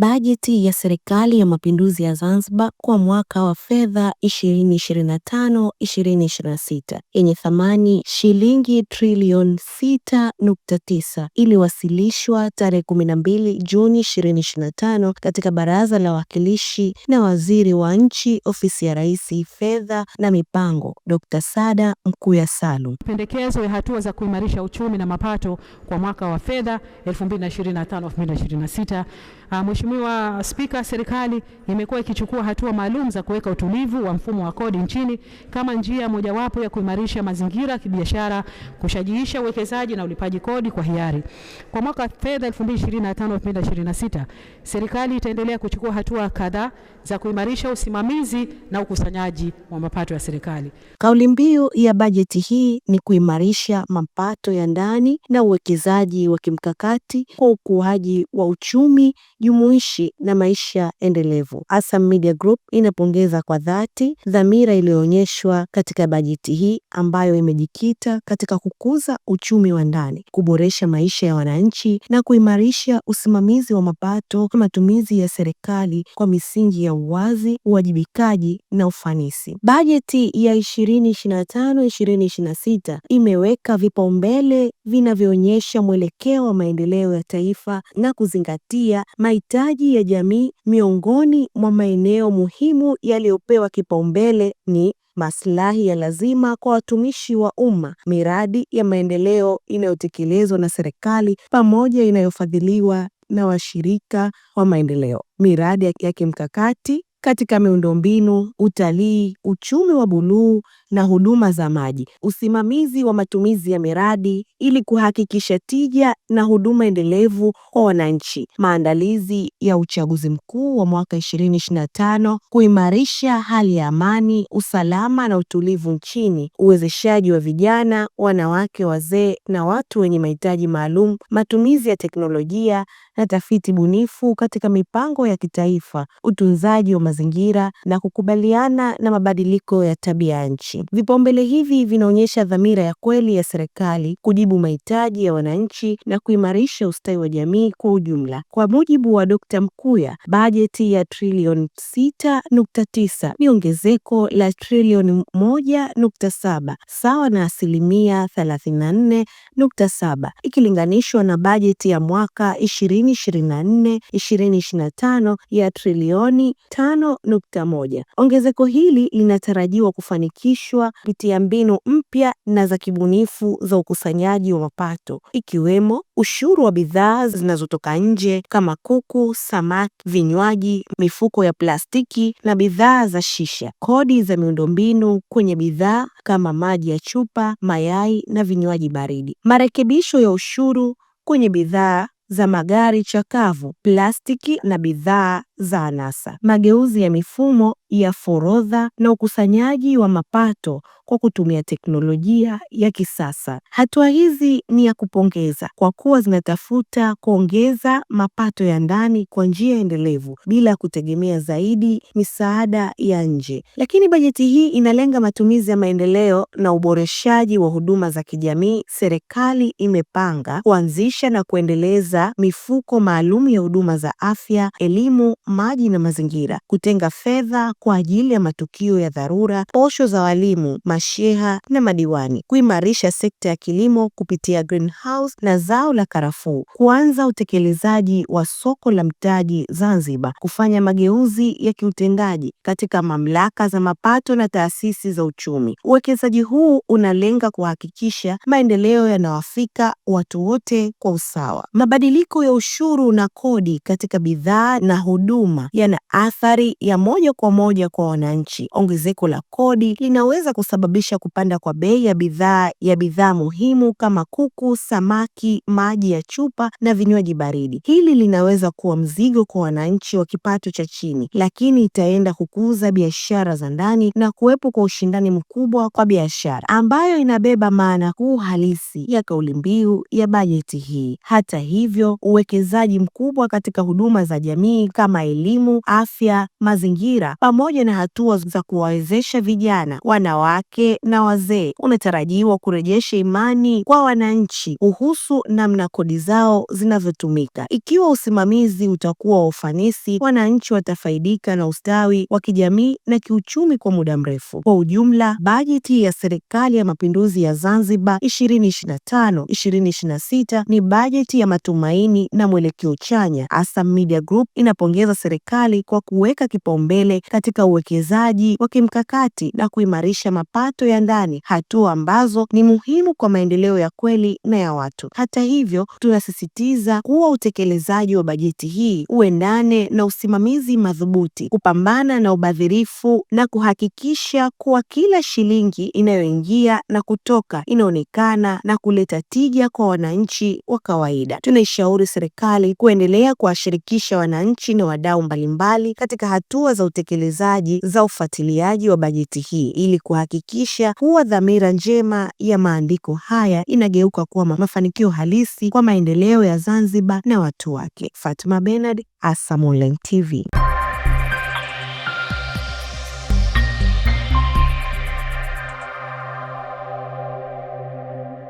Bajeti ya Serikali ya Mapinduzi ya Zanzibar kwa mwaka wa fedha 2025/2026 yenye thamani shilingi trilioni 6.9 iliwasilishwa tarehe 12 Juni 2025 katika Baraza la Wawakilishi na Waziri wa Nchi, Ofisi ya Rais, Fedha na Mipango, Dr. Sada Mkuya Salum. Pendekezo ya hatua za kuimarisha uchumi na mapato kwa mwaka wa fedha 2025/2026. Mheshimiwa Spika, serikali imekuwa ikichukua hatua maalum za kuweka utulivu wa mfumo wa kodi nchini kama njia mojawapo ya kuimarisha mazingira ya kibiashara, kushajiisha uwekezaji na ulipaji kodi kwa hiari. Kwa mwaka fedha 2025/2026, serikali itaendelea kuchukua hatua kadhaa za kuimarisha usimamizi na ukusanyaji wa mapato ya serikali. Kauli mbiu ya bajeti hii ni kuimarisha mapato ya ndani na uwekezaji wa kimkakati kwa ukuaji wa uchumi jumuishi jumuishi na maisha endelevu. Asam Media Group inapongeza kwa dhati dhamira iliyoonyeshwa katika bajeti hii ambayo imejikita katika kukuza uchumi wa ndani, kuboresha maisha ya wananchi na kuimarisha usimamizi wa mapato na matumizi ya serikali kwa misingi ya uwazi, uwajibikaji na ufanisi. Bajeti ya 2025-2026 imeweka vipaumbele vinavyoonyesha mwelekeo wa maendeleo ya taifa na kuzingatia mahitaji maji ya jamii miongoni mwa maeneo muhimu yaliyopewa kipaumbele ni maslahi ya lazima kwa watumishi wa umma, miradi ya maendeleo inayotekelezwa na serikali pamoja inayofadhiliwa na washirika wa maendeleo, miradi ya kimkakati katika miundombinu, utalii, uchumi wa buluu na huduma za maji, usimamizi wa matumizi ya miradi ili kuhakikisha tija na huduma endelevu kwa wananchi, maandalizi ya uchaguzi mkuu wa mwaka 2025, kuimarisha hali ya amani, usalama na utulivu nchini, uwezeshaji wa vijana, wanawake, wazee na watu wenye mahitaji maalum, matumizi ya teknolojia na tafiti bunifu katika mipango ya kitaifa, utunzaji wa mazingira na kukubaliana na mabadiliko ya tabia nchi. Vipaumbele hivi vinaonyesha dhamira ya kweli ya serikali kujibu mahitaji ya wananchi na kuimarisha ustawi wa jamii kwa ujumla. Kwa mujibu wa Dr. Mkuya, bajeti ya trilioni 6.9 ni ongezeko la trilioni 1.7 sawa na asilimia 34.7 ikilinganishwa na bajeti ya mwaka ishirini ishirini ishirini na nne ishirini ishirini na tano ya trilioni tano nukta moja. Ongezeko hili linatarajiwa kufanikishwa kupitia mbinu mpya na za kibunifu za ukusanyaji wa mapato ikiwemo ushuru wa bidhaa zinazotoka nje kama kuku, samaki, vinywaji, mifuko ya plastiki na bidhaa za shisha, kodi za miundombinu kwenye bidhaa kama maji ya chupa, mayai na vinywaji baridi, marekebisho ya ushuru kwenye bidhaa za magari chakavu, plastiki na bidhaa za anasa. Mageuzi ya mifumo ya forodha na ukusanyaji wa mapato kwa kutumia teknolojia ya kisasa. Hatua hizi ni ya kupongeza kwa kuwa zinatafuta kuongeza mapato ya ndani kwa njia endelevu bila kutegemea zaidi misaada ya nje. Lakini bajeti hii inalenga matumizi ya maendeleo na uboreshaji wa huduma za kijamii. Serikali imepanga kuanzisha na kuendeleza mifuko maalum ya huduma za afya, elimu, maji na mazingira, kutenga fedha kwa ajili ya matukio ya dharura, posho za walimu, masheha na madiwani, kuimarisha sekta ya kilimo kupitia greenhouse na zao la karafuu, kuanza utekelezaji wa soko la mtaji Zanzibar, kufanya mageuzi ya kiutendaji katika mamlaka za mapato na taasisi za uchumi. Uwekezaji huu unalenga kuhakikisha maendeleo yanawafika watu wote kwa usawa. Mabadiliko ya ushuru na kodi katika bidhaa na huduma yana athari ya moja kwa moja moja kwa wananchi. Ongezeko la kodi linaweza kusababisha kupanda kwa bei ya bidhaa ya bidhaa muhimu kama kuku, samaki, maji ya chupa na vinywaji baridi. Hili linaweza kuwa mzigo kwa wananchi wa kipato cha chini, lakini itaenda kukuza biashara za ndani na kuwepo kwa ushindani mkubwa kwa biashara, ambayo inabeba maana kuu halisi ya kauli mbiu ya bajeti hii. Hata hivyo, uwekezaji mkubwa katika huduma za jamii kama elimu, afya, mazingira pamoja pamoja na hatua za kuwawezesha vijana, wanawake na wazee unatarajiwa kurejesha imani kwa wananchi kuhusu namna kodi zao zinavyotumika. Ikiwa usimamizi utakuwa wa ufanisi, wananchi watafaidika na ustawi wa kijamii na kiuchumi kwa muda mrefu. Kwa ujumla, bajeti ya Serikali ya Mapinduzi ya Zanzibar 2025 2026 ni bajeti ya matumaini na mwelekeo chanya. Asam Media Group inapongeza serikali kwa kuweka kipaumbele katika katika uwekezaji wa kimkakati na kuimarisha mapato ya ndani, hatua ambazo ni muhimu kwa maendeleo ya kweli na ya watu. Hata hivyo, tunasisitiza kuwa utekelezaji wa bajeti hii uendane na usimamizi madhubuti, kupambana na ubadhirifu na kuhakikisha kuwa kila shilingi inayoingia na kutoka inaonekana na kuleta tija kwa wananchi wa kawaida. Tunaishauri serikali kuendelea kuwashirikisha wananchi na wadau mbalimbali katika hatua za utekelezaji utekelezaji za ufuatiliaji wa bajeti hii ili kuhakikisha kuwa dhamira njema ya maandiko haya inageuka kuwa mafanikio halisi kwa maendeleo ya Zanzibar na watu wake. Fatma Bernard, ASAM Online TV.